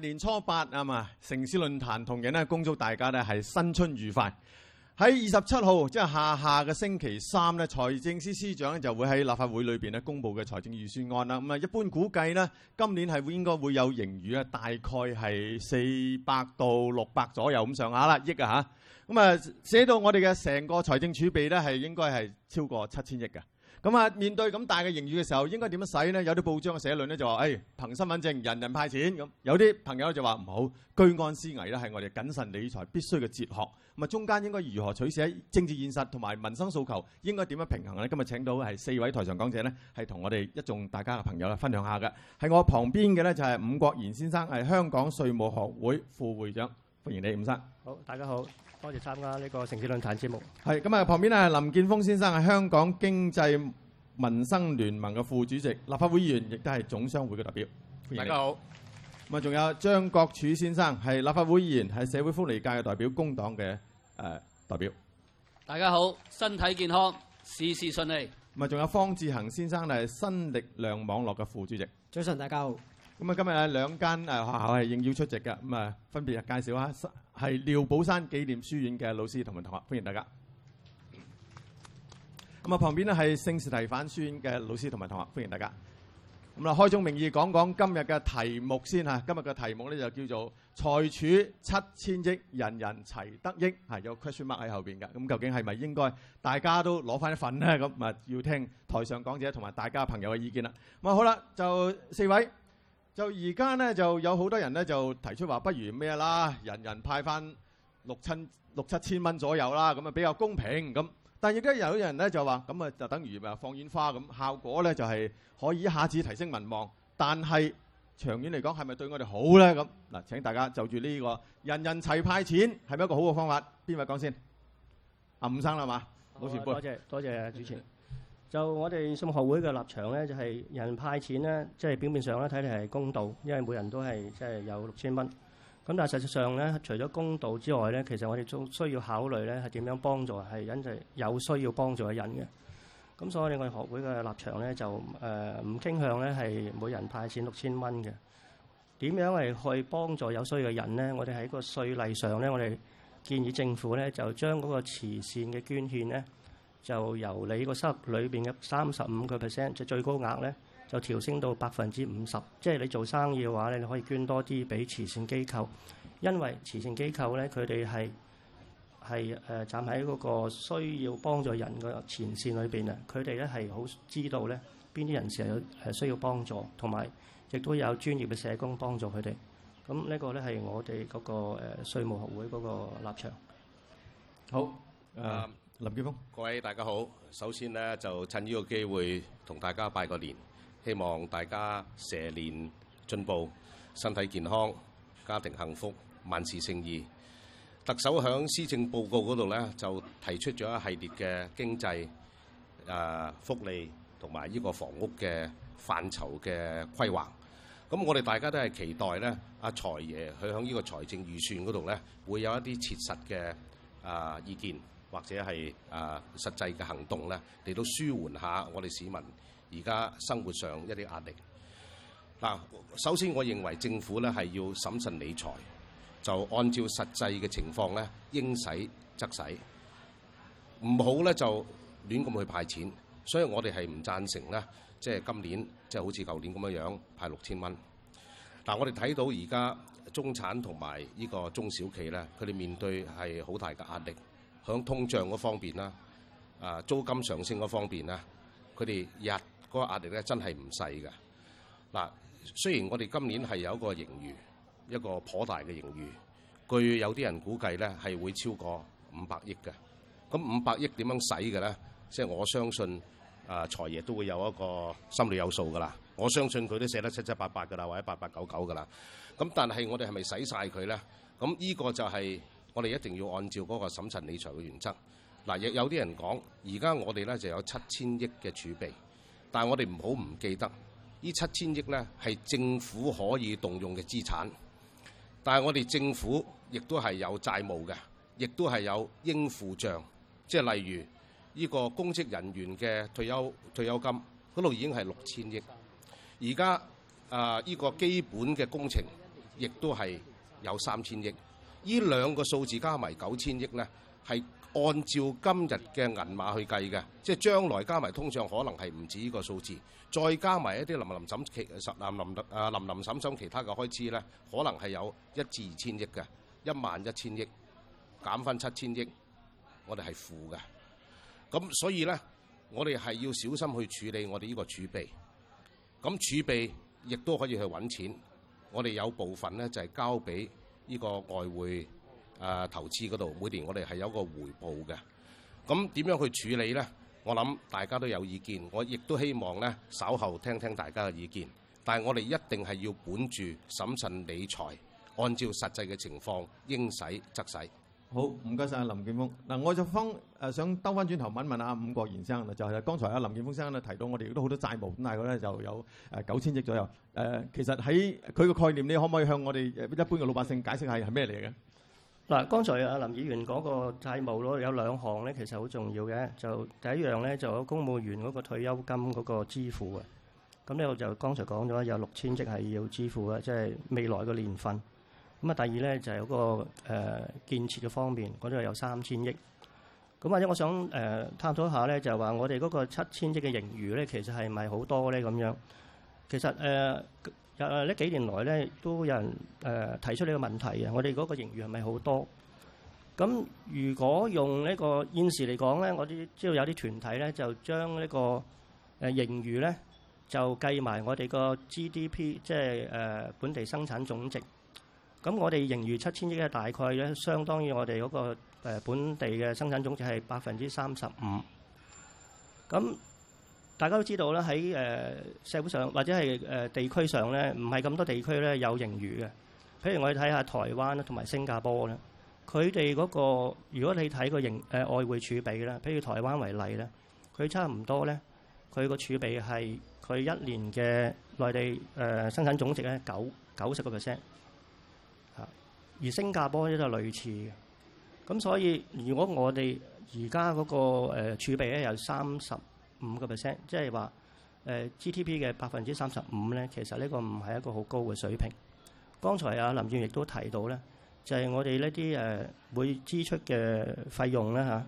年初八啊嘛，城市論壇同人呢恭祝大家呢係新春愉快。喺二十七號即係下下個星期三呢財政司司長就會喺立法會裏邊呢公布嘅財政預算案啦。咁啊，一般估計呢，今年係會應該會有盈餘啊，大概係四百到六百左右咁上下啦億啊吓咁啊，寫到我哋嘅成個財政儲備呢，係應該係超過七千億嘅。咁啊，面對咁大嘅盈餘嘅時候，應該點樣使呢？有啲報章嘅社論呢就話，誒憑身份證，人人派錢咁。有啲朋友就話唔好居安思危啦，係我哋謹慎理財必須嘅哲學。咁啊，中間應該如何取捨，喺政治現實同埋民生訴求，應該點樣平衡呢？今日請到係四位台上講者呢，係同我哋一眾大家嘅朋友咧分享下嘅。喺我旁邊嘅呢就係伍國賢先生，係香港稅務學會副會長，歡迎你，伍生。好，大家好。多謝參加呢個城市論壇節目。係咁啊，旁邊啊，林健鋒先生係香港經濟民生聯盟嘅副主席，立法會議員，亦都係總商會嘅代表。大家好。咁啊，仲有張國柱先生係立法會議員，係社會福利界嘅代表，工黨嘅誒代表。大家好，身體健康，事事順利。咁啊，仲有方志恆先生係新力量網絡嘅副主席。早晨，大家好。咁啊，今日兩間誒學校係應邀出席嘅，咁啊分別介紹下。係廖寶山紀念書院嘅老師同埋同學，歡迎大家。咁啊，旁邊咧係聖士提反書院嘅老師同埋同學，歡迎大家。咁啊，開宗明義講講今日嘅題目先吓，啊。今日嘅題目咧就叫做財儲七千億，人人齊得益。係有 question mark 喺後邊噶。咁究竟係咪應該大家都攞翻一份呢？咁啊，要聽台上講者同埋大家朋友嘅意見啦。咁啊，好啦，就四位。就而家咧，就有好多人咧就提出話不如咩啦，人人派翻六七、六七千蚊左右啦，咁啊比較公平咁。但係亦都有人咧就話咁啊就等於咪放煙花咁，效果咧就係、是、可以一下子提升民望，但係長遠嚟講，係咪對我哋好咧？咁嗱，請大家就住呢、這個人人齊派錢，係咪一個好嘅方法？邊位講先？阿、啊、伍生啦嘛、啊，老師多謝多謝、啊、主持。就我哋稅務學會嘅立場咧，就係人派錢咧，即係表面上咧睇嚟係公道，因為每人都係即係有六千蚊。咁但係實際上咧，除咗公道之外咧，其實我哋仲需要考慮咧，係點樣幫助係引就有需要幫助嘅人嘅。咁所以我哋學會嘅立場咧，就誒唔傾向咧係每人派錢六千蚊嘅。點樣係去幫助有需要嘅人咧？我哋喺個稅例上咧，我哋建議政府咧就將嗰個慈善嘅捐獻咧。就由你嘅收入裏邊嘅三十五個 percent，即最高額咧，就調升到百分之五十。即係你做生意嘅話咧，你可以捐多啲俾慈善機構，因為慈善機構咧，佢哋係係誒站喺嗰個需要幫助人嘅前線裏邊啊。佢哋咧係好知道咧邊啲人士係係需要幫助，同埋亦都有專業嘅社工幫助佢哋。咁呢個咧係我哋嗰、嗰個誒稅、呃、務學會嗰個立場。好誒。Uh, 林健鋒，各位大家好。首先呢，就趁呢個機會同大家拜個年，希望大家蛇年進步，身體健康，家庭幸福，萬事勝意。特首響施政報告嗰度咧，就提出咗一系列嘅經濟誒福利同埋呢個房屋嘅範疇嘅規劃。咁我哋大家都係期待咧，阿財爺去響呢個財政預算嗰度咧，會有一啲切實嘅啊意見。或者係啊、呃，實際嘅行動咧，嚟到舒緩下我哋市民而家生活上一啲壓力。嗱，首先我認為政府咧係要審慎理財，就按照實際嘅情況咧應使則使，唔好咧就亂咁去派錢，所以我哋係唔贊成咧，即、就、係、是、今年即係、就是、好似舊年咁樣樣派六千蚊。嗱、呃，我哋睇到而家中產同埋呢個中小企咧，佢哋面對係好大嘅壓力。響通脹嗰方面啦，啊租金上升嗰方面啦，佢哋日嗰個壓力咧真係唔細嘅。嗱，雖然我哋今年係有一個盈餘，一個頗大嘅盈餘，據有啲人估計咧係會超過五百億嘅。咁五百億點樣使嘅咧？即係我相信，啊財爺都會有一個心裏有數㗎啦。我相信佢都寫得七七八八㗎啦，或者八八九九㗎啦。咁但係我哋係咪使晒佢咧？咁呢個就係、是。我哋一定要按照嗰個審慎理財嘅原則，嗱，有有啲人講，而家我哋咧就有七千億嘅儲備，但係我哋唔好唔記得，呢七千億咧係政府可以動用嘅資產，但係我哋政府亦都係有債務嘅，亦都係有應付賬，即係例如呢個公職人員嘅退休退休金嗰度已經係六千億，而家啊呢個基本嘅工程亦都係有三千億。呢兩個數字加埋九千億咧，係按照今日嘅銀碼去計嘅，即係將來加埋通脹可能係唔止呢個數字，再加埋一啲林林審，其實林林啊林林審審其他嘅開支咧，可能係有一至二千億嘅，一萬一千億減翻七千億，我哋係負嘅。咁所以咧，我哋係要小心去處理我哋呢個儲備。咁儲備亦都可以去揾錢，我哋有部分咧就係交俾。呢個外匯啊投資嗰度，每年我哋係有個回報嘅。咁點樣去處理呢？我諗大家都有意見，我亦都希望呢，稍後聽聽大家嘅意見。但係我哋一定係要本住審慎理財，按照實際嘅情況應使則使。好，唔該曬林健鋒。嗱，我就方誒想兜翻轉頭問問啊，伍國賢生啊，就係剛才啊林健鋒先生提到我哋都好多債務，咁大概咧就有誒九千億左右。誒，其實喺佢嘅概念，你可唔可以向我哋一般嘅老百姓解釋下係咩嚟嘅？嗱，剛才啊林議員嗰個債務咯，有兩項咧，其實好重要嘅。就第一樣咧，就公務員嗰個退休金嗰個支付啊。咁咧我就剛才講咗有六千億係要支付嘅，即係未來嘅年份。咁啊，第二咧就係嗰個誒建設嘅方面，嗰度有三千億。咁或者我想誒探索一下咧，就係話我哋嗰個七千億嘅盈餘咧，其實係咪好多咧？咁樣其實誒誒呢幾年來咧都有人誒提出呢個問題嘅，我哋嗰個盈餘係咪好多？咁如果用呢個現時嚟講咧，我哋知道有啲團體咧就將呢個誒盈餘咧就計埋我哋個 G D P，即係誒本地生產總值。咁我哋盈餘七千億咧，大概咧，相當於我哋嗰個誒本地嘅生產總值係百分之三十五。咁、嗯、大家都知道咧，喺誒社會上或者係誒地區上咧，唔係咁多地區咧有盈餘嘅。譬如我哋睇下台灣同埋新加坡咧，佢哋嗰個如果你睇個盈誒外匯儲備咧，譬如台灣為例咧，佢差唔多咧，佢個儲備係佢一年嘅內地誒生產總值咧九九十個 percent。而新加坡咧就類似嘅，咁所以如果我哋而家嗰個誒、呃、儲備咧有三十五個 percent，即係話誒 GDP 嘅百分之三十五咧，其實呢個唔係一個好高嘅水平。剛才啊林議員亦都提到咧，就係、是、我哋呢啲誒會支出嘅費用啦嚇、啊，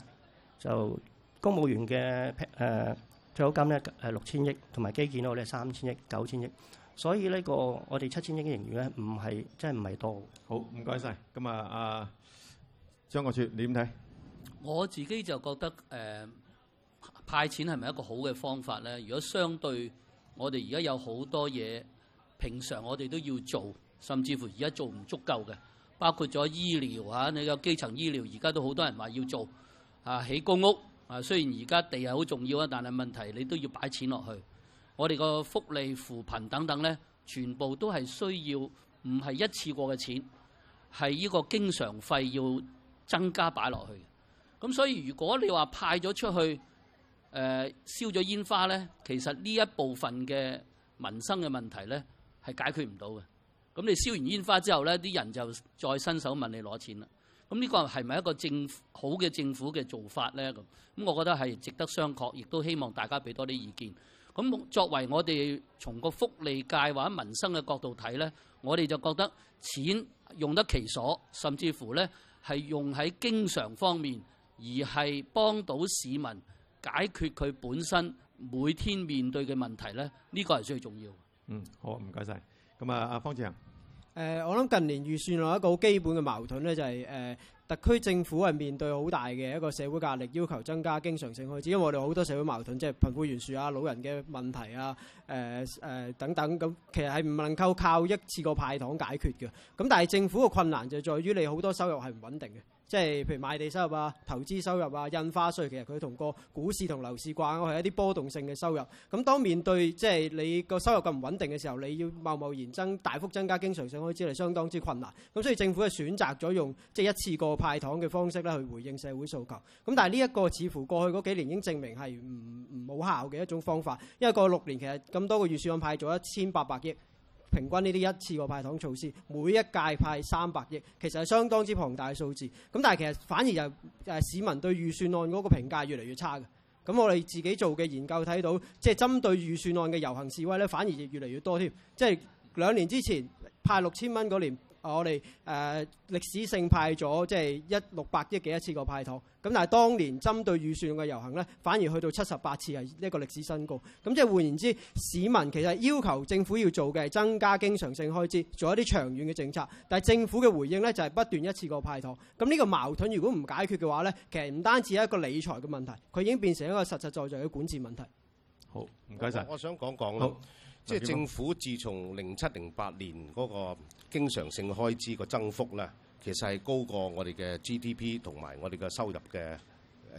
就公務員嘅誒、呃、退休金咧係六千億，同埋基建我哋三千億、九千億。所以呢個我哋七千億嘅盈餘咧，唔係真係唔係多。好，唔該晒，咁啊，阿張國柱，你點睇？我自己就覺得誒、呃、派錢係咪一個好嘅方法咧？如果相對我哋而家有好多嘢平常我哋都要做，甚至乎而家做唔足夠嘅，包括咗醫療啊，你個基層醫療而家都好多人話要做啊，起公屋啊，雖然而家地係好重要啊，但係問題你都要擺錢落去。我哋個福利扶貧等等咧，全部都係需要唔係一次過嘅錢，係呢個經常費要增加擺落去嘅。咁所以如果你話派咗出去，誒燒咗煙花咧，其實呢一部分嘅民生嘅問題咧係解決唔到嘅。咁你燒完煙花之後咧，啲人就再伸手問你攞錢啦。咁呢個係咪一個政好嘅政府嘅做法咧？咁，咁我覺得係值得商榷，亦都希望大家俾多啲意見。咁作為我哋從個福利界或者民生嘅角度睇咧，我哋就覺得錢用得其所，甚至乎咧係用喺經常方面，而係幫到市民解決佢本身每天面對嘅問題咧，呢、呢個係最重要。嗯，好唔該晒。咁啊，阿方志恒。誒、呃，我諗近年預算有一個好基本嘅矛盾咧，就係，就係誒。特區政府係面對好大嘅一個社會壓力，要求增加經常性開支，因為我哋好多社會矛盾，即係貧富懸殊啊、老人嘅問題啊、呃呃、等等咁，其實係唔能夠靠一次個派糖解決嘅。咁但係政府嘅困難就在於你好多收入係唔穩定嘅。即係譬如賣地收入啊、投資收入啊、印花稅，其實佢同個股市同樓市掛鈎，係一啲波動性嘅收入。咁當面對即係、就是、你個收入咁唔穩定嘅時候，你要貿貿然增大幅增加經常性開支嚟，係相當之困難。咁所以政府係選擇咗用即係一次過派糖嘅方式咧去回應社會訴求。咁但係呢一個似乎過去嗰幾年已經證明係唔唔冇效嘅一種方法，因為過去六年其實咁多個預算案派咗一千八百億。平均呢啲一次過派糖措施，每一屆派三百億，其實係相當之龐大嘅數字。咁但係其實反而又誒市民對預算案嗰個評價越嚟越差嘅。咁我哋自己做嘅研究睇到，即係針對預算案嘅遊行示威咧，反而越嚟越多添。即係兩年之前派六千蚊嗰年。啊、我哋誒、呃、歷史性派咗即係一六百億嘅一次過派糖，咁但係當年針對預算嘅遊行咧，反而去到七十八次係呢一個歷史新高。咁即係換言之，市民其實要求政府要做嘅係增加經常性開支，做一啲長遠嘅政策。但係政府嘅回應咧就係、是、不斷一次過派糖。咁呢個矛盾如果唔解決嘅話咧，其實唔單止係一個理財嘅問題，佢已經變成一個實實在在嘅管治問題。好，唔該晒。我想講講啦。即係政府自從零七零八年嗰個經常性開支個增幅咧，其實係高過我哋嘅 GDP 同埋我哋嘅收入嘅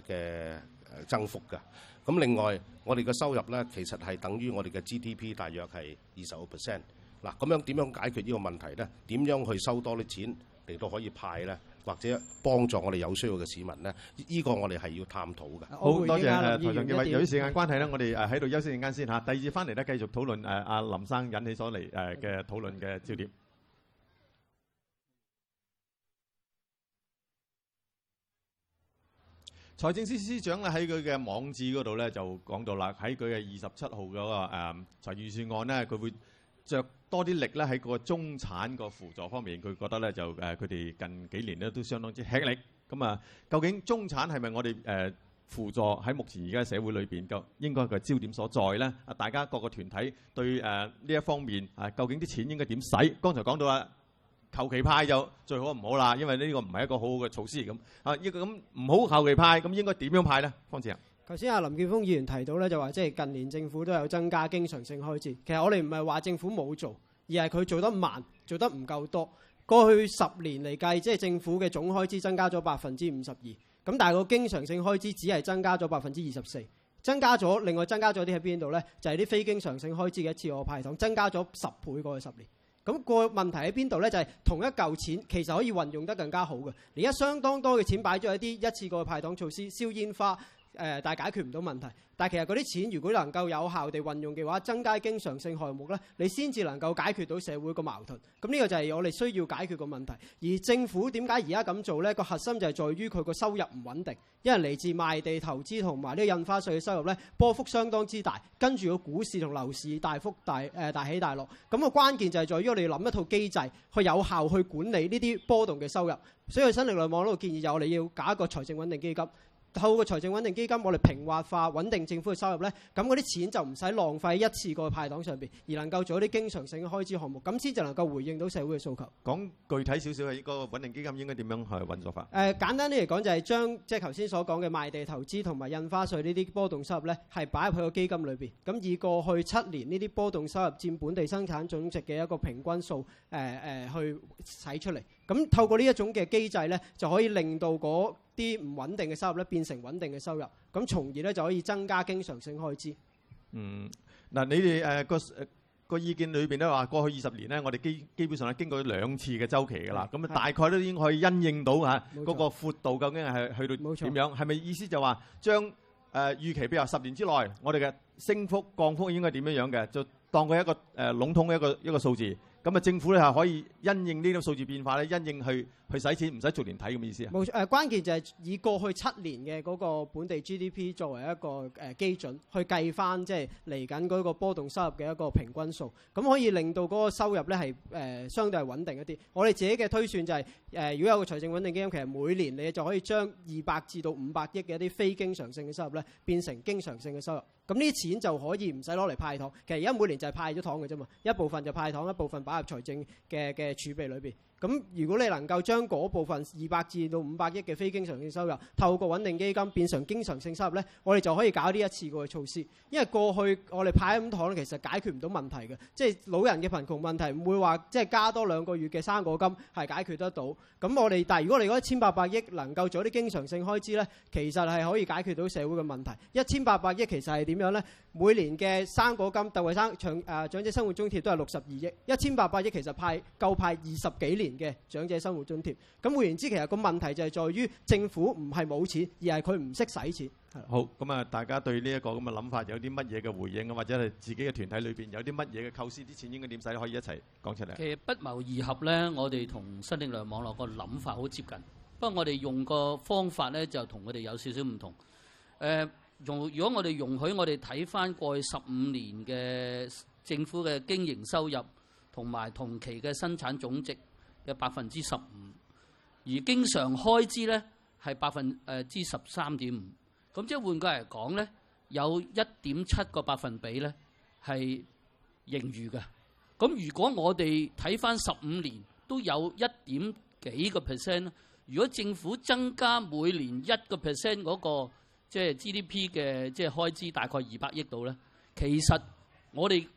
嘅增幅㗎。咁另外，我哋嘅收入咧，其實係等於我哋嘅 GDP 大約係二十個 percent。嗱，咁樣點樣解決呢個問題咧？點樣去收多啲錢嚟到可以派咧？或者幫助我哋有需要嘅市民咧，呢、呢個我哋係要探討嘅。好多謝台上各位，由於時間關係咧，我哋誒喺度休息陣間先嚇。第二節翻嚟咧，繼續討論誒阿、啊、林生引起所嚟誒嘅討論嘅焦點，嗯。財政司司長咧喺佢嘅網址嗰度咧就講到啦，喺佢嘅二十七號嗰個誒財預算案咧佢會。著多啲力咧喺個中產個輔助方面，佢覺得咧就誒佢哋近幾年咧都相當之吃力。咁啊，究竟中產係咪我哋誒輔助喺目前而家社會裏邊個應該係個焦點所在咧？啊，大家各個團體對誒呢一方面啊，究竟啲錢應該點使？剛才講到啊，求其派就最好唔好啦，因為呢個唔係一個好好嘅措施咁啊。呢個咁唔好求其派，咁應該點樣派咧？方志。頭先阿林健鋒議員提到咧，就話即係近年政府都有增加經常性開支。其實我哋唔係話政府冇做，而係佢做得慢，做得唔夠多。過去十年嚟計，即係政府嘅總開支增加咗百分之五十二，咁但係個經常性開支只係增加咗百分之二十四。增加咗，另外增加咗啲喺邊度呢？就係啲非經常性開支嘅一次過派糖，增加咗十倍過去十年。咁個問題喺邊度呢？就係同一嚿錢其實可以運用得更加好嘅，而家相當多嘅錢擺咗喺啲一次過嘅派糖措施，燒煙花。誒，但係解決唔到問題。但係其實嗰啲錢，如果能夠有效地運用嘅話，增加經常性項目呢，你先至能夠解決到社會個矛盾。咁呢個就係我哋需要解決個問題。而政府點解而家咁做呢？個核心就係在於佢個收入唔穩定，因為嚟自賣地投資同埋呢個印花稅嘅收入呢，波幅相當之大，跟住個股市同樓市大幅大誒大起大落。咁個關鍵就係在於我哋要諗一套機制去有效去管理呢啲波動嘅收入。所以新力量網嗰度建議就我哋要搞一個財政穩定基金。透過財政穩定基金，我哋平滑化穩定政府嘅收入呢，咁嗰啲錢就唔使浪費一次過派糖上面，而能夠做啲經常性嘅開支項目，咁先就能夠回應到社會嘅訴求。講具體少少係個穩定基金應該點樣去運作法？簡、呃、簡單啲嚟講，就係將即係頭先所講嘅賣地投資同埋印花稅呢啲波動收入呢，係擺入去個基金裏面。咁以過去七年呢啲波動收入佔本地生產總值嘅一個平均數，呃呃、去使出嚟。咁透過呢一種嘅機制咧，就可以令到嗰啲唔穩定嘅收入咧變成穩定嘅收入，咁從而咧就可以增加經常性開支。嗯，嗱，你哋誒個個意見裏邊咧話，過去二十年咧，我哋基基本上係經過兩次嘅周期噶啦，咁啊大概都已經可以因應到嚇嗰個闊度究竟係去到冇錯點樣？係咪意思就話將誒預期，比如話十年之內，我哋嘅升幅、降幅應該係點樣樣嘅？就當佢一個誒籠統嘅一個一個數字。咁啊，政府咧係可以因應呢種數字變化咧，因應去。去使錢唔使做連體咁嘅意思啊？冇錯，誒關鍵就係以過去七年嘅嗰個本地 GDP 作為一個誒基準去計翻，即係嚟緊嗰個波動收入嘅一個平均數，咁可以令到嗰個收入咧係誒相對係穩定一啲。我哋自己嘅推算就係誒，如果有個財政穩定基金，其實每年你就可以將二百至到五百億嘅一啲非經常性嘅收入咧變成經常性嘅收入，咁呢啲錢就可以唔使攞嚟派糖，其實而家每年就係派咗糖嘅啫嘛，一部分就派糖，一部分擺入財政嘅嘅儲備裏邊。咁如果你能夠將嗰部分二百至到五百億嘅非經常性收入透過穩定基金變成經常性收入呢，我哋就可以搞呢一次過嘅措施。因為過去我哋派咁多其實解決唔到問題嘅，即係老人嘅貧窮問題唔會話即係加多兩個月嘅生果金係解決得到。咁我哋，但係如果我哋一千八百億能夠做啲經常性開支呢，其實係可以解決到社會嘅問題。一千八百億其實係點樣呢？每年嘅生果金、特惠生長誒長者生活津貼都係六十二億，一千八百億其實派夠派二十幾年。嘅長者生活津貼，咁換言之，其實個問題就係在於政府唔係冇錢，而係佢唔識使錢。好咁啊！大家對呢一個咁嘅諗法有啲乜嘢嘅回應，或者係自己嘅團體裏邊有啲乜嘢嘅構思，啲錢應該點使，可以一齊講出嚟。其實不謀而合咧，我哋同新力量網絡個諗法好接近，不過我哋用個方法咧就同佢哋有少少唔同。誒、呃，容如果我哋容許我哋睇翻過去十五年嘅政府嘅經營收入同埋同期嘅生產總值。嘅百分之十五，而經常開支咧係百分誒之十三點五，咁即係換句嚟講咧，有一點七個百分比咧係盈餘嘅。咁如果我哋睇翻十五年都有一點幾個 percent，如果政府增加每年一個 percent 嗰個即係 GDP 嘅即係開支，大概二百億度咧，其實我哋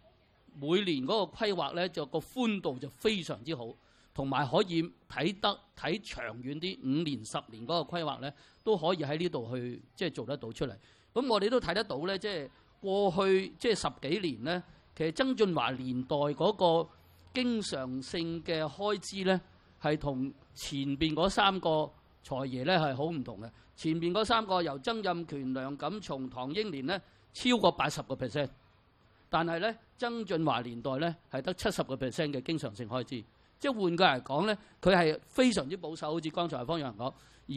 每年嗰個規劃咧就個寬度就非常之好。同埋可以睇得睇長遠啲五年十年嗰個規劃咧，都可以喺呢度去即係、就是、做得到出嚟。咁我哋都睇得到咧，即、就、係、是、過去即係、就是、十幾年咧，其實曾俊華年代嗰個經常性嘅開支咧，係同前邊嗰三個財爺咧係好唔同嘅。前邊嗰三個由曾蔭權、梁錦松、唐英年咧超過八十個 percent，但係咧曾俊華年代咧係得七十個 percent 嘅經常性開支。即係換句嚟講咧，佢係非常之保守，好似剛才方有人講。而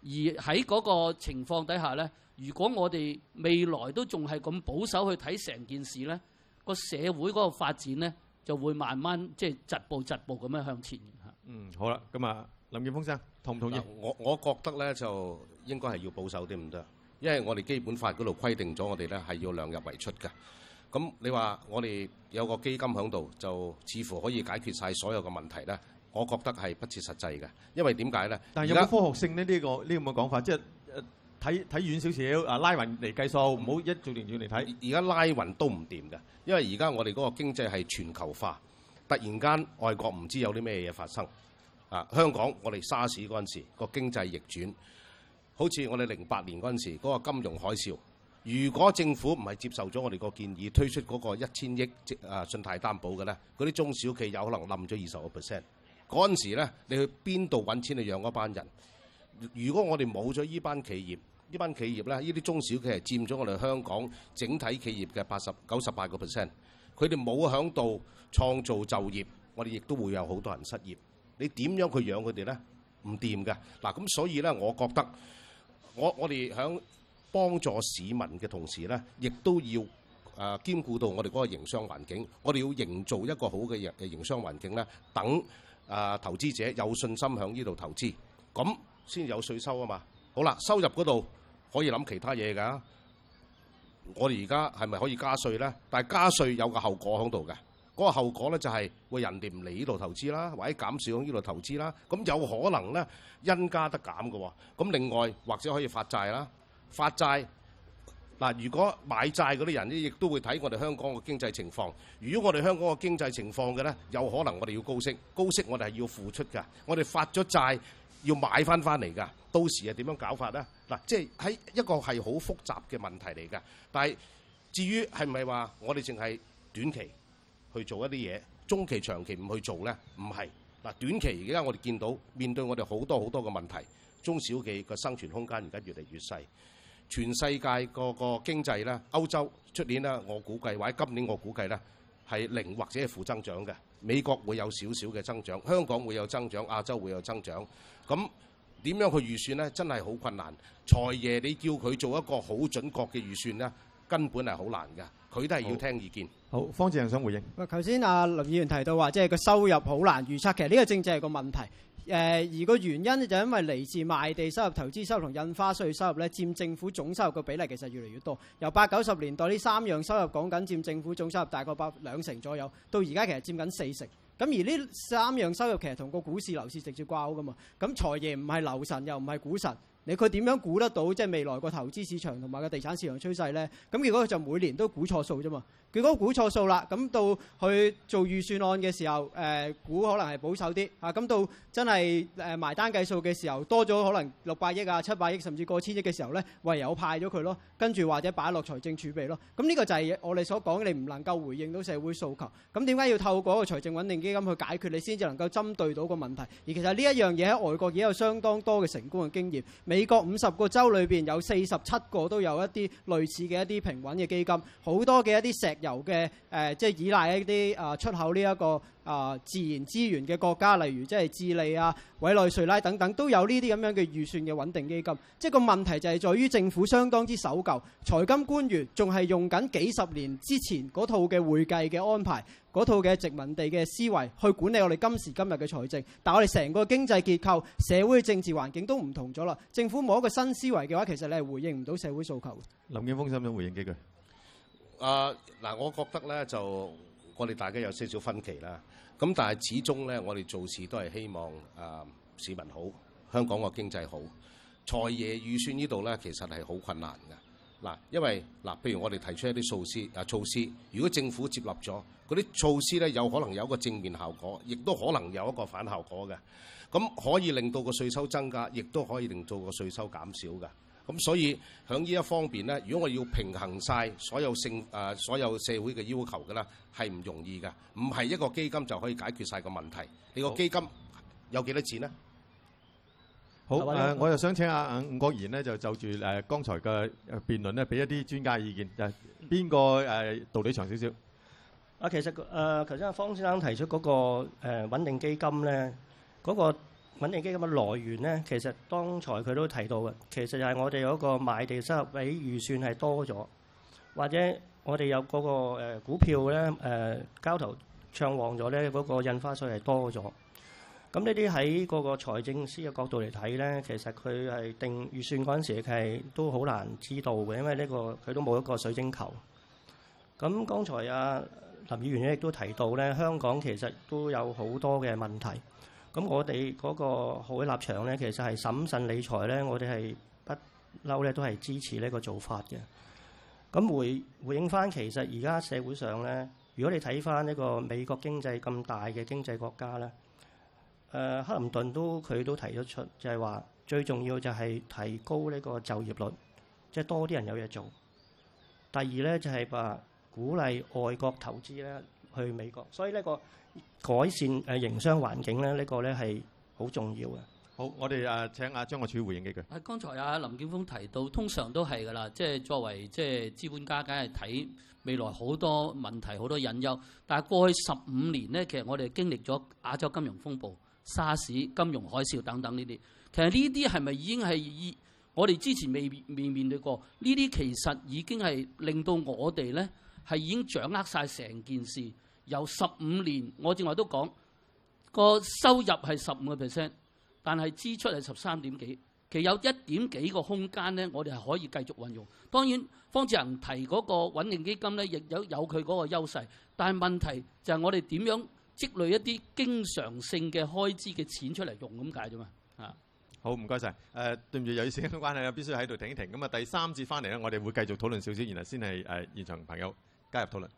而喺嗰個情況底下咧，如果我哋未來都仲係咁保守去睇成件事咧，個社會嗰個發展咧就會慢慢即係逐步逐步咁樣向前。嗯，好啦，咁啊，林健鋒先生同唔同意？我我覺得咧就應該係要保守啲，唔得，因為我哋基本法嗰度規定咗，我哋咧係要量入為出㗎。咁你話我哋有個基金喺度，就似乎可以解決晒所有嘅問題咧？我覺得係不切實際嘅，因為點解咧？有科學性咧呢、呢個呢咁嘅講法，即係睇睇遠少少啊，拉勻嚟計數，唔好一做定要嚟睇。而家拉勻都唔掂嘅，因為而家我哋嗰個經濟係全球化，突然間外國唔知有啲咩嘢發生啊！香港我哋沙士嗰陣時個經濟逆轉，好似我哋零八年嗰陣時嗰個金融海嘯。如果政府唔係接受咗我哋個建議，推出嗰個一千億即啊信貸擔保嘅咧，嗰啲中小企有可能冧咗二十個 percent。嗰陣時咧，你去邊度揾錢去養嗰班人？如果我哋冇咗依班企業，呢班企業咧，呢啲中小企係佔咗我哋香港整體企業嘅八十九十八個 percent。佢哋冇響度創造就業，我哋亦都會有好多人失業。你點樣去養佢哋咧？唔掂㗎。嗱咁所以咧，我覺得我我哋響。幫助市民嘅同時咧，亦都要誒、呃、兼顧到我哋嗰個營商環境。我哋要營造一個好嘅營營商環境咧，等誒、呃、投資者有信心向呢度投資，咁先有稅收啊嘛。好啦，收入嗰度可以諗其他嘢㗎。我哋而家係咪可以加稅咧？但係加稅有個後果喺度嘅，嗰、那個後果咧就係、是、會人哋唔嚟呢度投資啦，或者減少喺呢度投資啦。咁有可能咧，因加得減嘅喎、啊。咁另外或者可以發債啦。發債嗱，如果買債嗰啲人咧，亦都會睇我哋香港嘅經濟情況。如果我哋香港嘅經濟情況嘅咧，有可能我哋要高息，高息我哋係要付出㗎。我哋發咗債要買翻翻嚟㗎，到時係點樣搞法咧？嗱，即係喺一個係好複雜嘅問題嚟㗎。但係至於係唔係話我哋淨係短期去做一啲嘢，中期、長期唔去做咧？唔係嗱，短期而家我哋見到面對我哋好多好多嘅問題，中小企個生存空間而家越嚟越細。全世界個個經濟咧，歐洲出年咧，我估計或者今年我估計咧，係零或者係負增長嘅。美國會有少少嘅增長，香港會有增長，亞洲會有增長。咁點樣去預算咧？真係好困難。財爺，你叫佢做一個好準確嘅預算咧，根本係好難㗎。佢都係要聽意見。好，方志恒想回應。喂，頭先阿林議員提到話，即係個收入好難預測，其實呢個正正係個問題。誒，而個原因就因為嚟自賣地收入、投資收入同印花稅收入咧，佔政府總收入嘅比例其實越嚟越多。由八九十年代呢三樣收入講緊佔政府總收入大概百兩成左右，到而家其實佔緊四成。咁而呢三樣收入其實同個股市樓市直接掛鉤噶嘛。咁財爺唔係樓神又唔係股神，你佢點樣估得到即係未來個投資市場同埋個地產市場趨勢呢？咁如果佢就每年都估錯數啫嘛。佢嗰個估錯數啦，咁到去做預算案嘅時候，誒估可能係保守啲，啊咁到真係誒埋單計數嘅時候，多咗可能六百億啊、七百億甚至過千億嘅時候咧，唯有派咗佢咯，跟住或者擺落財政儲備咯。咁呢個就係我哋所講嘅，你唔能夠回應到社會訴求。咁點解要透過一個財政穩定基金去解決？你先至能夠針對到個問題。而其實呢一樣嘢喺外國已經有相當多嘅成功嘅經驗。美國五十個州裏邊有四十七個都有一啲類似嘅一啲平穩嘅基金，好多嘅一啲石。由嘅誒，即、呃、係、就是、依賴一啲啊、呃、出口呢、這、一個啊、呃、自然資源嘅國家，例如即係智利啊、委內瑞拉等等，都有呢啲咁樣嘅預算嘅穩定基金。即係個問題就係在於政府相當之守舊，財金官員仲係用緊幾十年之前嗰套嘅會計嘅安排，嗰套嘅殖民地嘅思維去管理我哋今時今日嘅財政。但係我哋成個經濟結構、社會政治環境都唔同咗啦。政府冇一個新思維嘅話，其實你係回應唔到社會訴求嘅。林健鋒，想唔想回應幾句？啊、呃、嗱，我覺得咧就我哋大家有些少分歧啦。咁但係始終咧，我哋做事都係希望啊、呃、市民好，香港個經濟好。財爺預算呢度咧，其實係好困難㗎。嗱、呃，因為嗱，譬、呃、如我哋提出一啲措施啊、呃、措施，如果政府接納咗嗰啲措施咧，有可能有一個正面效果，亦都可能有一個反效果嘅。咁可以令到個稅收增加，亦都可以令到個稅收減少嘅。咁所以喺呢一方面咧，如果我要平衡曬所有性誒所有社會嘅要求嘅啦，係唔容易嘅，唔係一個基金就可以解決曬個問題。你個基金有幾多錢咧？好，誒，我又想請阿伍國賢咧，就就住誒剛才嘅辯論咧，俾一啲專家意見，就邊個誒道理長少少？啊，其實誒頭先阿方先生提出嗰個誒穩定基金咧，嗰個。穩定基金嘅來源咧，其實當才佢都提到嘅，其實係我哋嗰個買地收入比預算係多咗，或者我哋有嗰個股票咧誒、呃、交投暢旺咗咧，嗰個印花稅係多咗。咁呢啲喺嗰個財政司嘅角度嚟睇咧，其實佢係定預算嗰陣時係都好難知道嘅，因為呢個佢都冇一個水晶球。咁剛才啊林議員咧亦都提到咧，香港其實都有好多嘅問題。咁我哋嗰個學會立場咧，其實係審慎理財咧，我哋係不嬲咧，都係支持呢個做法嘅。咁回回應翻，其實而家社會上咧，如果你睇翻呢個美國經濟咁大嘅經濟國家咧，誒、呃、克林頓都佢都提咗出就，就係話最重要就係提高呢個就業率，即、就、係、是、多啲人有嘢做。第二咧就係、是、話鼓勵外國投資咧去美國，所以呢、這個。改善誒營商環境咧，呢、這個咧係好重要嘅。好，我哋誒請阿張國柱回應幾句。誒，剛才阿林健鋒提到，通常都係噶啦，即係作為即係資本家，梗係睇未來好多問題、好多隱憂。但係過去十五年咧，其實我哋經歷咗亞洲金融風暴、沙士、金融海嘯等等呢啲。其實呢啲係咪已經係以我哋之前未未面對過？呢啲其實已經係令到我哋咧係已經掌握晒成件事。由十五年，我正話都講個收入係十五個 percent，但係支出係十三點幾，其有一點幾個空間咧，我哋係可以繼續運用。當然，方志恒提嗰個穩定基金咧，亦有有佢嗰個優勢，但係問題就係我哋點樣積累一啲經常性嘅開支嘅錢出嚟用咁解啫嘛。啊，好唔該晒。誒、呃、對唔住，由於時間關係啦，必須喺度停一停。咁啊，第三節翻嚟咧，我哋會繼續討論少少，然後先係誒現場朋友加入討論。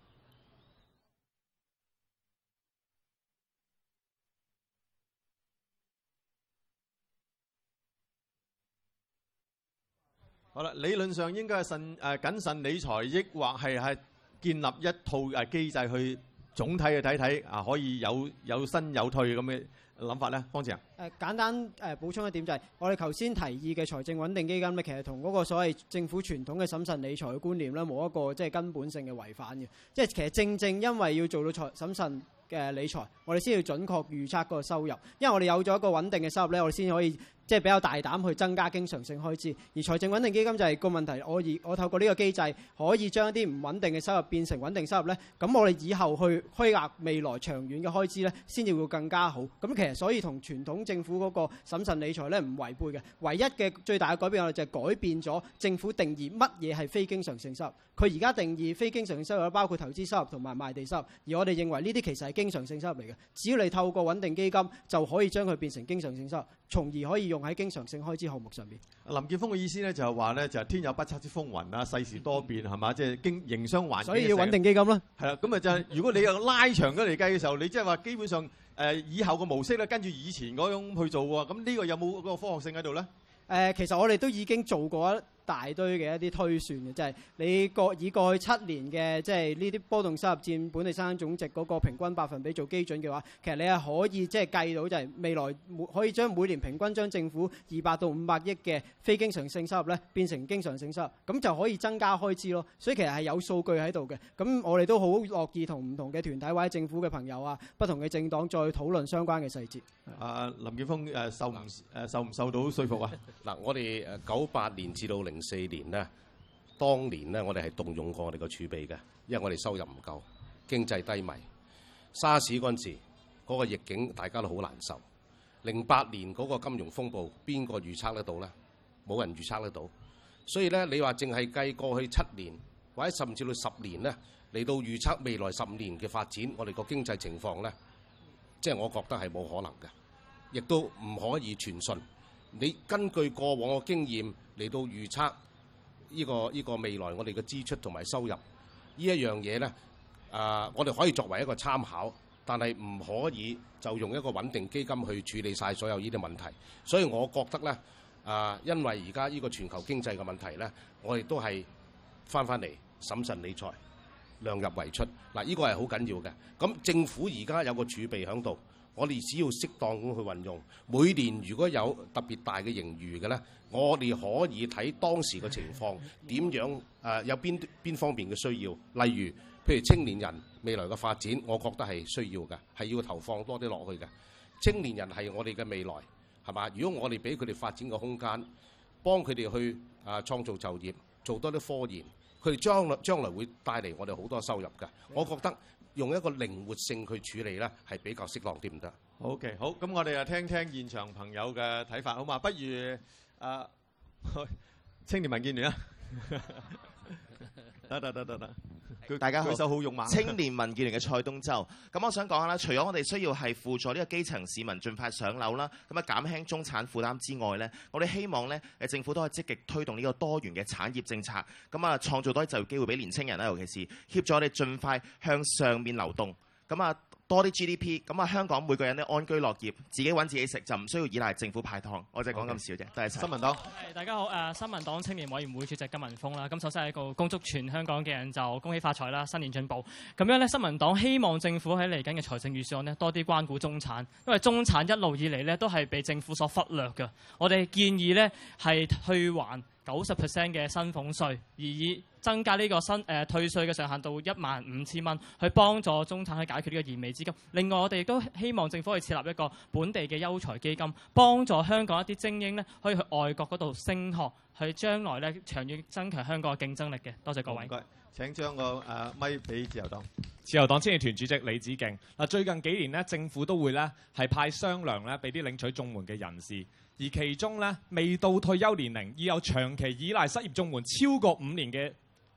好啦，理論上應該係慎誒謹慎理財，抑或係係建立一套誒機制去總體去睇睇啊，可以有有新有退咁嘅諗法咧，方志恆。誒簡單誒補充一點就係、是，我哋頭先提議嘅財政穩定基金，咁其實同嗰個所謂政府傳統嘅審慎理財嘅觀念咧，冇一個即係根本性嘅違反嘅。即係其實正正因為要做到財審慎嘅理財，我哋先要準確預測個收入，因為我哋有咗一個穩定嘅收入咧，我哋先可以。即係比較大膽去增加經常性開支，而財政穩定基金就係個問題。我而我透過呢個機制可以將一啲唔穩定嘅收入變成穩定收入呢，咁我哋以後去虛押未來長遠嘅開支呢先至會更加好。咁其實所以同傳統政府嗰個審慎理財呢唔違背嘅，唯一嘅最大嘅改變我哋就係改變咗政府定義乜嘢係非經常性收入。佢而家定義非經常性收入包括投資收入同埋賣地收入。而我哋認為呢啲其實係經常性收入嚟嘅。只要你透過穩定基金就可以將佢變成經常性收入。從而可以用喺經常性開支項目上邊。林健鋒嘅意思咧就係話咧就係、是、天有不測之風雲啊，世事多變係嘛，即、嗯、係、嗯就是、經營商環境所以要穩定基金啦。係啦、就是，咁啊就係如果你有拉長咗嚟計嘅時候，你即係話基本上誒、呃、以後嘅模式咧跟住以前嗰種去做喎，咁呢個有冇嗰個科學性喺度咧？誒、呃，其實我哋都已經做過。大堆嘅一啲推算嘅，即係你過以過去七年嘅，即係呢啲波動收入佔本地生產總值嗰個平均百分比做基準嘅話，其實你係可以即係計到，就係未來每可以將每年平均將政府二百到五百億嘅非經常性收入咧變成經常性收入，咁就可以增加開支咯。所以其實係有數據喺度嘅。咁我哋都好樂意同唔同嘅團體或者政府嘅朋友啊，不同嘅政黨再討論相關嘅細節。阿林健鋒誒受唔誒受唔受到說服啊？嗱，我哋誒九八年至到零。零四年呢，當年呢，我哋係動用過我哋個儲備嘅，因為我哋收入唔夠，經濟低迷。沙士嗰陣時，嗰個逆境大家都好難受。零八年嗰個金融風暴，邊個預測得到呢？冇人預測得到。所以咧，你話淨係計過去七年，或者甚至到十年呢，嚟到預測未來十年嘅發展，我哋個經濟情況呢，即係我覺得係冇可能嘅，亦都唔可以全信。你根據過往嘅經驗，嚟到預測呢個呢個未來我哋嘅支出同埋收入呢一樣嘢呢，啊、呃，我哋可以作為一個參考，但係唔可以就用一個穩定基金去處理晒所有呢啲問題。所以我覺得呢，啊、呃，因為而家呢個全球經濟嘅問題呢，我哋都係翻返嚟審慎理財，量入為出。嗱，呢個係好緊要嘅。咁政府而家有個儲備喺度。我哋只要適當咁去運用，每年如果有特別大嘅盈餘嘅咧，我哋可以睇當時嘅情況，點樣誒、呃、有邊邊方面嘅需要？例如，譬如青年人未來嘅發展，我覺得係需要嘅，係要投放多啲落去嘅。青年人係我哋嘅未來，係嘛？如果我哋俾佢哋發展嘅空間，幫佢哋去誒、呃、創造就業，做多啲科研，佢哋將，將來將來會帶嚟我哋好多收入嘅。我覺得。用一個靈活性去處理咧，係比較適當啲，唔得。OK，好，咁，我哋就聽聽現場朋友嘅睇法，好嘛？不如啊，青年民建聯啊，得得得得得。大家好，手青年民建聯嘅蔡東周，咁我想講下啦，除咗我哋需要係輔助呢個基層市民盡快上樓啦，咁啊減輕中產負擔之外呢，我哋希望呢政府都可以積極推動呢個多元嘅產業政策，咁啊創造多啲就業機會俾年青人啦，尤其是協助我哋盡快向上面流動，咁啊。多啲 GDP，咁啊香港每個人咧安居樂業，自己揾自己食就唔需要依賴政府派糖。我就係講咁少啫。就、okay。係新民黨。係大家好，誒、啊、新民黨青年委員會主席金文峰啦。咁、啊、首先係一個恭祝全香港嘅人就恭喜發財啦，新年進步。咁樣咧，新民黨希望政府喺嚟緊嘅財政預算案咧多啲關顧中產，因為中產一路以嚟咧都係被政府所忽略嘅。我哋建議咧係退還九十 percent 嘅薪俸稅，而以。增加呢個新誒、呃、退稅嘅上限到一萬五千蚊，去幫助中產去解決呢個燃眉之急。另外，我哋亦都希望政府去設立一個本地嘅優才基金，幫助香港一啲精英咧可以去外國嗰度升學，去將來咧長遠增強香港嘅競爭力嘅。多謝各位。唔該。請將個誒、啊、咪俾自由黨。自由黨青年團主席李梓敬。嗱，最近幾年咧，政府都會咧係派雙糧咧俾啲領取綜援嘅人士，而其中咧未到退休年齡已有長期依賴失業綜援超過五年嘅。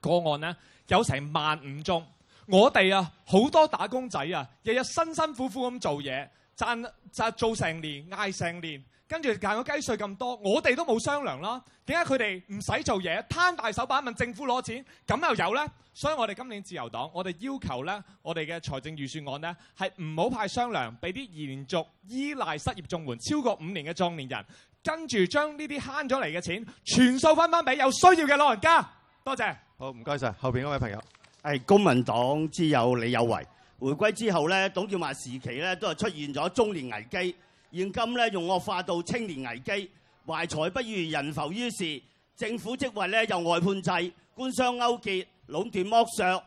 個案呢，有成萬五宗，我哋啊好多打工仔啊，日日辛辛苦苦咁做嘢，賺賺，賺做成年嗌成年，跟住行個雞稅咁多，我哋都冇商量啦。點解佢哋唔使做嘢，攤大手板問政府攞錢咁又有呢？所以我哋今年自由黨，我哋要求呢，我哋嘅財政預算案呢，係唔好派商量俾啲延續依賴失業綜援超過五年嘅壯年人，跟住將呢啲慳咗嚟嘅錢全數分翻俾有需要嘅老人家。多謝。好，唔該晒，後邊嗰位朋友，係公民黨之友李有為。回歸之後咧，董建華時期咧都係出現咗中年危機，現今咧用惡化到青年危機。懷才不遇，人浮於事，政府職位咧又外判制，官商勾結，壟斷剝削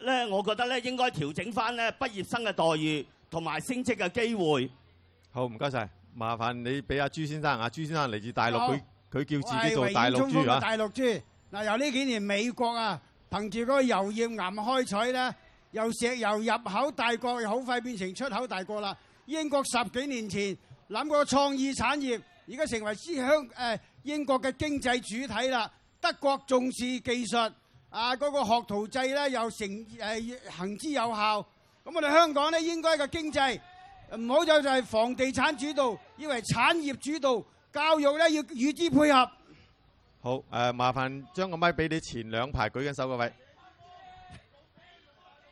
咧。我覺得咧應該調整翻咧畢業生嘅待遇同埋升職嘅機會。好，唔該晒，麻煩你俾阿、啊、朱先生啊，朱先生嚟自大陸，佢佢叫自己做大陸朱大陸朱。嗱，由呢幾年美國啊，憑住嗰個油頁岩開採咧，由石油入口大國又好快變成出口大國啦。英國十幾年前諗過個創意產業，而家成為、呃、英國嘅經濟主體啦。德國重視技術，啊嗰、嗰個學徒制咧又成誒、呃、行之有效。咁我哋香港咧應該嘅經濟唔好再就係房地產主導，要為產業主導，教育咧要與之配合。.好誒，麻煩將個麥俾你前兩排舉緊手嘅位。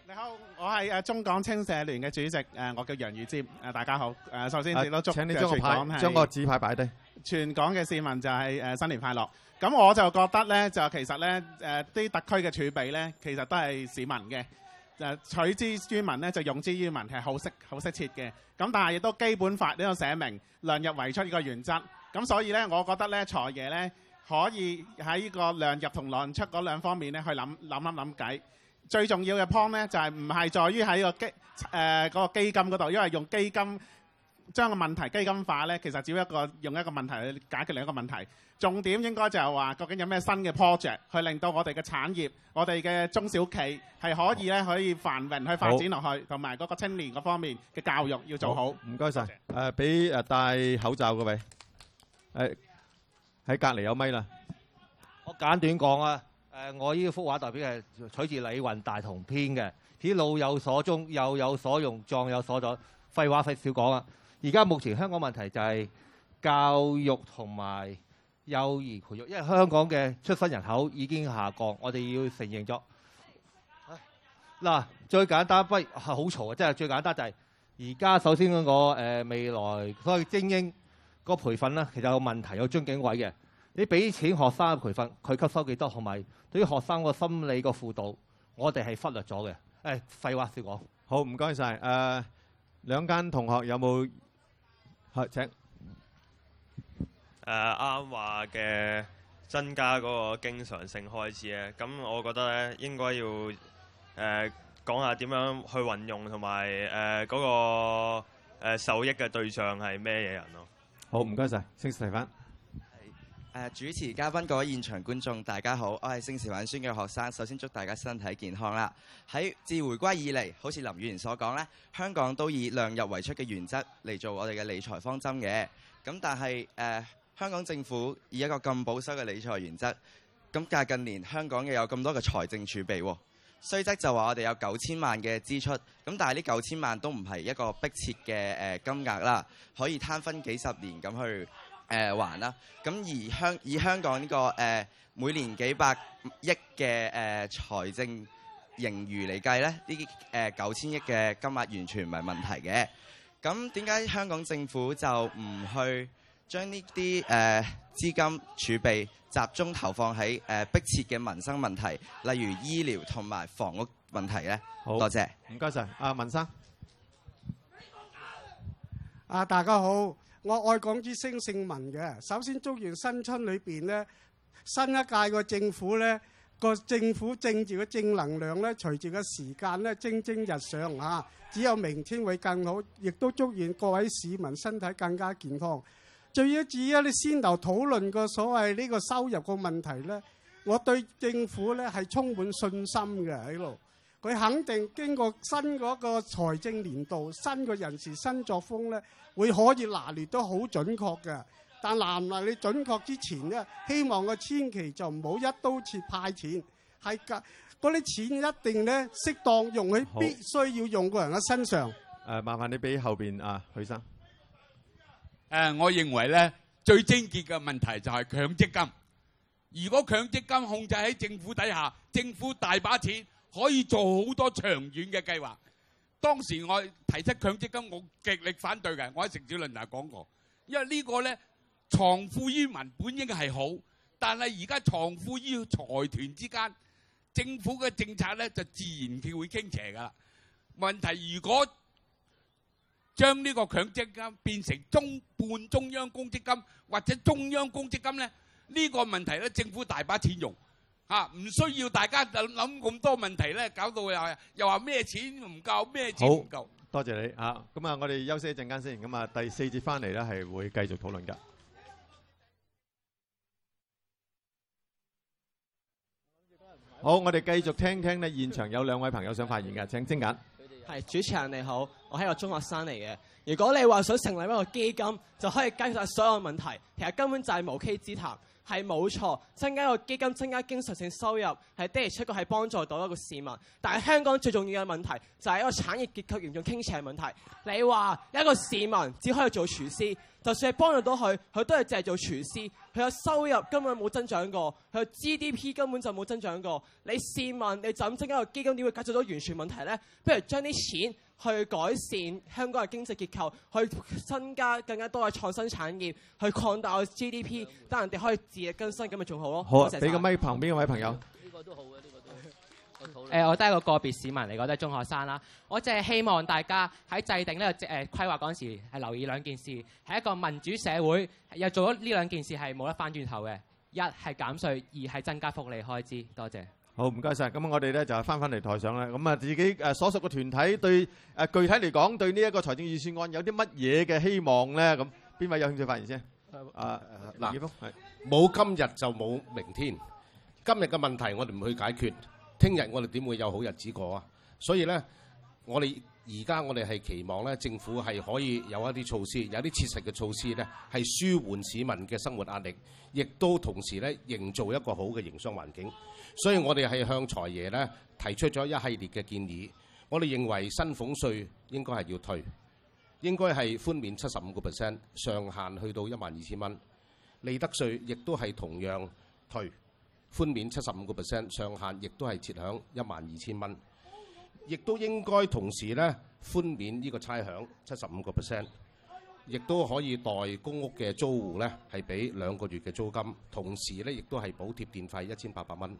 你好，我係誒中港青社聯嘅主席誒，我叫楊宇之誒，大家好誒，首先先祝，請你將個牌，將個紙牌擺低。全港嘅市民就係誒新年快樂。咁我就覺得咧，就其實咧誒啲特區嘅儲備咧，其實都係市民嘅，就取之於民咧就用之於民係好識好識切嘅。咁但係亦都基本法呢度寫明量入為出呢個原則。咁所以咧，我覺得咧財爺咧。可以喺呢個量入同量出嗰兩方面咧去諗諗諗諗計。最重要嘅 point 咧就係唔係在於喺個基誒、呃嗰個基金嗰度，因為用基金將個問題基金化咧，其實只要一個用一個問題去解決另一個問題。重點應該就係話究竟有咩新嘅 project 去令到我哋嘅產業、我哋嘅中小企係可以咧可以繁榮去發展落去，同埋嗰個青年嗰方面嘅教育要做好。唔該晒，誒，俾誒、呃呃、戴口罩嘅位，係、呃。喺隔離有咪啦。我簡短講啊，誒，我呢幅畫代表係取自禮運大同篇嘅，啲老有所終，幼有所用，壯有所助。廢話費少講啊。而家目前香港問題就係教育同埋幼兒培育，因為香港嘅出生人口已經下降，我哋要承認咗。嗱，最簡單不係好嘈啊！即係最簡單就係而家首先我、那、誒、個呃、未來所謂精英。個培訓咧，其實有問題，有樽頸位嘅。你俾錢學生嘅培訓，佢吸收幾多？同埋對於學生個心理個輔導，我哋係忽略咗嘅。誒、哎，廢話少講。好，唔該晒。誒、呃，兩間同學有冇？係請。誒啱話嘅增加嗰個經常性開支，咧，咁我覺得咧應該要誒、呃、講下點樣去運用，同埋誒嗰個、呃、受益嘅對象係咩嘢人咯？好，唔該晒，正式提問。係誒主持、嘉賓、各位現場觀眾，大家好，我係聖士玩宣嘅學生。首先祝大家身體健康啦。喺自回歸以嚟，好似林議員所講咧，香港都以量入為出嘅原則嚟做我哋嘅理財方針嘅。咁但係誒、呃，香港政府以一個咁保守嘅理財原則，咁隔近年香港又有咁多嘅財政儲備喎。雖則就話我哋有九千萬嘅支出，咁但係呢九千萬都唔係一個逼切嘅誒金額啦，可以攤分幾十年咁去誒還啦。咁而香以香港呢個誒每年幾百億嘅誒財政盈餘嚟計咧，呢啲誒九千億嘅金額完全唔係問題嘅。咁點解香港政府就唔去將呢啲誒資金儲備集中投放喺誒、呃、迫切嘅民生問題，例如醫療同埋房屋問題咧。好多謝，唔該晒阿文生，啊大家好，我愛港之聲姓文嘅。首先祝願新春裏邊咧，新一屆個政府咧個政府政治嘅正能量咧，隨住個時間咧蒸蒸日上啊！只有明天會更好，亦都祝願各位市民身體更加健康。最要注意啊！你先頭討論個所謂呢個收入個問題咧，我對政府咧係充滿信心嘅喺度。佢肯定經過新嗰個財政年度、新嘅人事、新作風咧，會可以拿捏得好準確嘅。但拿唔拿你準確之前咧，希望我千祈就唔好一刀切派錢，係嗰啲錢一定咧適當用喺必須要用個人嘅身上。誒、呃、麻煩你俾後邊啊，許、呃、生。誒、呃，我認為咧，最癥結嘅問題就係強積金。如果強積金控制喺政府底下，政府大把錢可以做好多長遠嘅計劃。當時我提出強積金，我極力反對嘅。我喺城市論壇講過，因為個呢個咧藏富於民本應係好，但係而家藏富於財團之間，政府嘅政策咧就自然佢會傾斜㗎啦。問題如果將呢個強積金變成中半中央公積金或者中央公積金咧，呢個問題咧政府大把錢用嚇，唔需要大家諗諗咁多問題咧，搞到又又話咩錢唔夠，咩錢唔夠。好，多謝你嚇。咁啊，我哋休息一陣間先。咁啊，第四節返嚟咧係會繼續討論㗎。好，我哋繼續聽聽咧，現場有兩位朋友想發言嘅，請精簡。係，主持人你好，我係一個中學生嚟嘅。如果你話想成立一個基金就可以解決晒所有的問題，其實根本就係無稽之談。係冇錯，增加一個基金，增加經常性收入，係的而且確係幫助到一個市民。但係香港最重要嘅問題就係、是、一個產業結構嚴重傾斜嘅問題。你話一個市民只可以做廚師。就算係幫助到佢，佢都係凈係做廚師，佢嘅收入根本冇增長過，佢嘅 GDP 根本就冇增長過。你試問，你就咁增加個基金點會解決到完全問題咧？不如將啲錢去改善香港嘅經濟結構，去增加更加多嘅創新產業，去擴大個 GDP，等人哋可以自力更新咁咪仲好咯？好啊，畀個咪。旁邊位朋友，呢個都好啊。誒、嗯，我都係一個個別市民嚟，我都係中學生啦。我淨係希望大家喺制定呢個誒規劃嗰陣時，係留意兩件事，係一個民主社會又做咗呢兩件事，係冇得返轉頭嘅。一係減稅，二係增加福利開支。多謝。好，唔該晒！咁我哋咧就返返嚟台上啦。咁啊，自己誒所屬嘅團體對誒具體嚟講，對呢一個財政預算案有啲乜嘢嘅希望咧？咁邊位有興趣發言先？啊，嗱、嗯，冇、嗯、今日就冇明天。今日嘅問題，我哋唔去解決。聽日我哋點會有好日子過啊！所以呢，我哋而家我哋係期望咧，政府係可以有一啲措施，有啲切實嘅措施呢係舒緩市民嘅生活壓力，亦都同時咧營造一個好嘅營商環境。所以我哋係向財爺咧提出咗一系列嘅建議。我哋認為薪俸稅應該係要退，應該係寬免七十五個 percent 上限去到一萬二千蚊，利得稅亦都係同樣退，寬免七十五個 percent 上限，亦都係設喺一萬二千蚊，亦都應該同時咧寬免呢個差餉七十五個 percent，亦都可以代公屋嘅租戶咧係俾兩個月嘅租金，同時咧亦都係補貼電費一千八百蚊。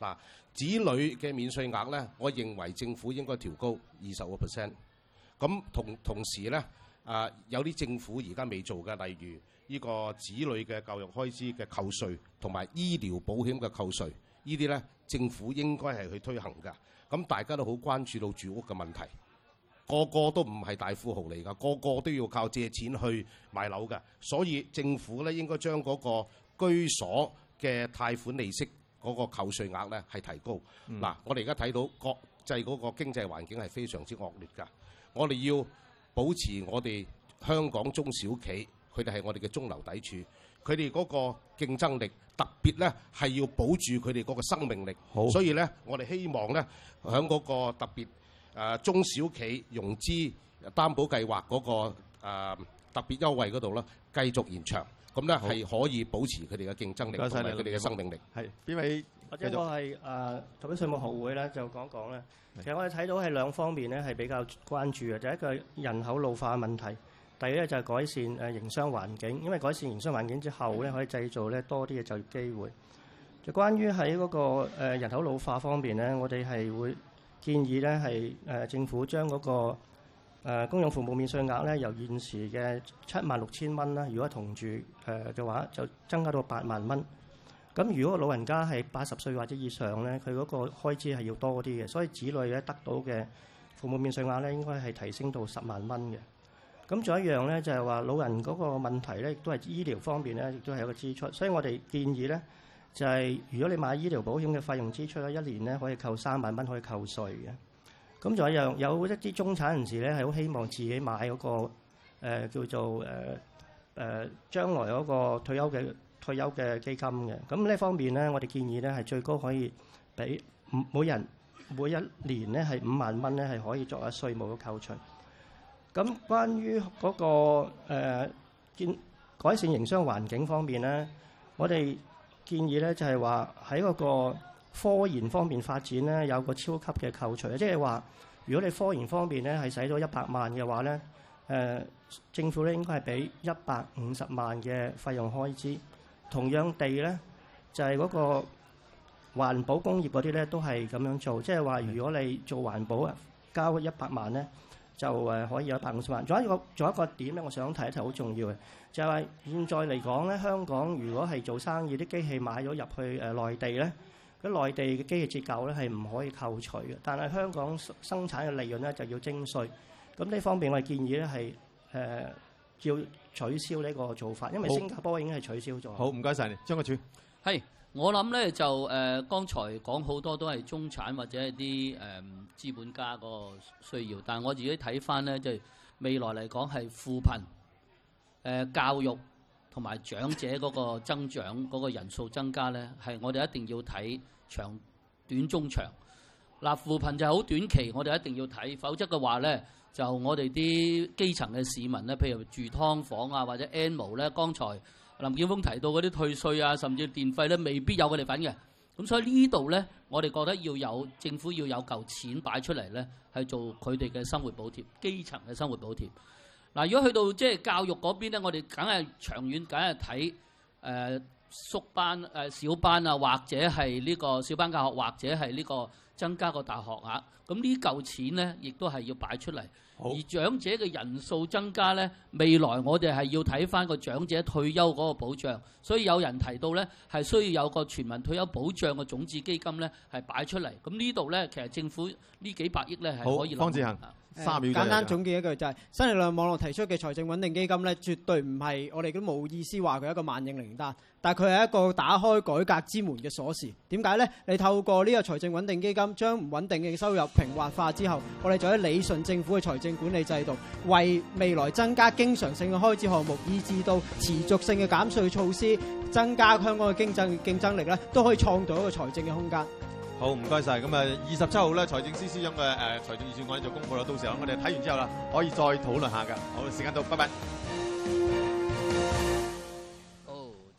嗱，子女嘅免稅額咧，我認為政府應該調高二十個 percent。咁同同時咧，啊、呃、有啲政府而家未做嘅，例如，呢個子女嘅教育開支嘅扣稅，同埋醫療保險嘅扣稅，呢啲呢政府應該係去推行㗎。咁大家都好關注到住，住屋嘅問題，個個都唔係大富豪嚟㗎，個個都要靠借錢去買樓㗎，所以政府呢應該將嗰個居所嘅貸款利息嗰個扣稅額呢係提高。嗱、嗯，我哋而家睇到國際嗰個經濟環境係非常之惡劣㗎，我哋要保持我哋香港中小企。佢哋係我哋嘅中流砥柱，佢哋嗰個競爭力特別咧，係要保住佢哋嗰個生命力。好，所以咧，我哋希望咧，喺嗰個特別誒中小企融資擔保計劃嗰個誒特別優惠嗰度咧，繼續延長，咁咧係可以保持佢哋嘅競爭力同埋佢哋嘅生命力。係，邊位？我一個係誒特別稅務學會咧，就講講咧。其實我哋睇到係兩方面咧，係比較關注嘅，就一個人口老化嘅問題。第二咧就係改善誒營、呃、商環境，因為改善營商環境之後咧，可以製造咧多啲嘅就業機會。就關於喺嗰個、呃、人口老化方面咧，我哋係會建議咧係誒政府將嗰、那個、呃、公用服務免稅額咧，由現時嘅七萬六千蚊啦，如果同住誒嘅話、呃，就增加到八萬蚊。咁如果老人家係八十歲或者以上咧，佢嗰個開支係要多啲嘅，所以子女咧得到嘅服務免稅額咧，應該係提升到十萬蚊嘅。咁仲有一樣咧，就係話老人嗰個問題咧，亦都係醫療方面咧，亦都係一個支出。所以我哋建議咧，就係如果你買醫療保險嘅費用支出咧，一年咧可以扣三萬蚊，可以扣稅嘅。咁仲有一樣，有一啲中產人士咧，係好希望自己買嗰個誒叫做誒誒將來嗰個退休嘅退休嘅基金嘅。咁呢一方面咧，我哋建議咧係最高可以俾五，每人每一年咧，係五萬蚊咧，係可以作為稅務嘅扣除。咁關於嗰個、誒、建改善營商環境方面咧，我哋建議咧就係話喺嗰個科研方面發展咧，有個超級嘅扣除，即係話如果你科研方面咧係使咗一百萬嘅話咧，誒政府咧應該係俾一百五十萬嘅費用開支。同樣地咧，就係嗰個環保工業嗰啲咧都係咁樣做，即係話如果你做環保啊，交一百萬咧。就誒可以有百五十萬。仲有一個仲有一個點咧，我想提一提好重要嘅，就係話現在嚟講咧，香港如果係做生意啲機器買咗入去誒內地咧，喺內地嘅機器折舊咧係唔可以扣除嘅。但係香港生產嘅利潤咧就要徵稅。咁呢方面我哋建議咧係誒叫取消呢個做法，因為新加坡已經係取消咗。好，唔該曬，你，張國柱。係。我諗咧就誒、呃，剛才講好多都係中產或者係啲誒資本家個需要，但係我自己睇翻咧，即係未來嚟講係扶貧、誒、呃、教育同埋長者嗰個增長嗰、嗰個人數增加咧，係我哋一定要睇長短中長。嗱、呃，扶貧就好短期，我哋一定要睇，否則嘅話咧，就我哋啲基層嘅市民咧，譬如住劏房啊或者 N 無咧，剛才，林健鋒提到嗰啲退稅啊，甚至電費咧，未必有佢哋份嘅。咁所以呢度咧，我哋覺得要有政府要有嚿錢擺出嚟咧，係做佢哋嘅生活補貼，基層嘅生活補貼。嗱、啊，如果去到即係、即係、教育嗰邊咧，我哋梗係長遠，梗係睇誒縮班誒、呃、小班啊，或者係呢個小班教學，或者係呢、呢個。增加個大學額，咁呢嚿錢呢亦都係要擺出嚟。而長者嘅人數增加呢，未來我哋係要睇翻個長者退休嗰個保障。所以有人提到呢，係需要有個全民退休保障嘅種子基金呢係擺出嚟。咁呢度呢，其實政府呢幾百億呢係可以。方志恒，嗯、三秒鐘。簡單總結一句就係、是、新力量網絡提出嘅財政穩定基金呢，絕對唔係我哋都冇意思話佢一個萬應靈丹。但係佢係一個打開改革之門嘅鎖匙，點解呢？你透過呢個財政穩定基金將唔穩定嘅收入平滑化之後，我哋就喺理順政府嘅財政管理制度，為未來增加經常性嘅開支項目，以至到持續性嘅減稅措施，增加香港嘅經濟競爭力咧，都可以創造一個財政嘅空間。好，唔該晒。咁啊，二十七號咧，財政司司長嘅誒、呃、財政預算案就公佈啦。到時候我哋睇完之後啦，可以再討論下㗎。好，時間到，拜拜。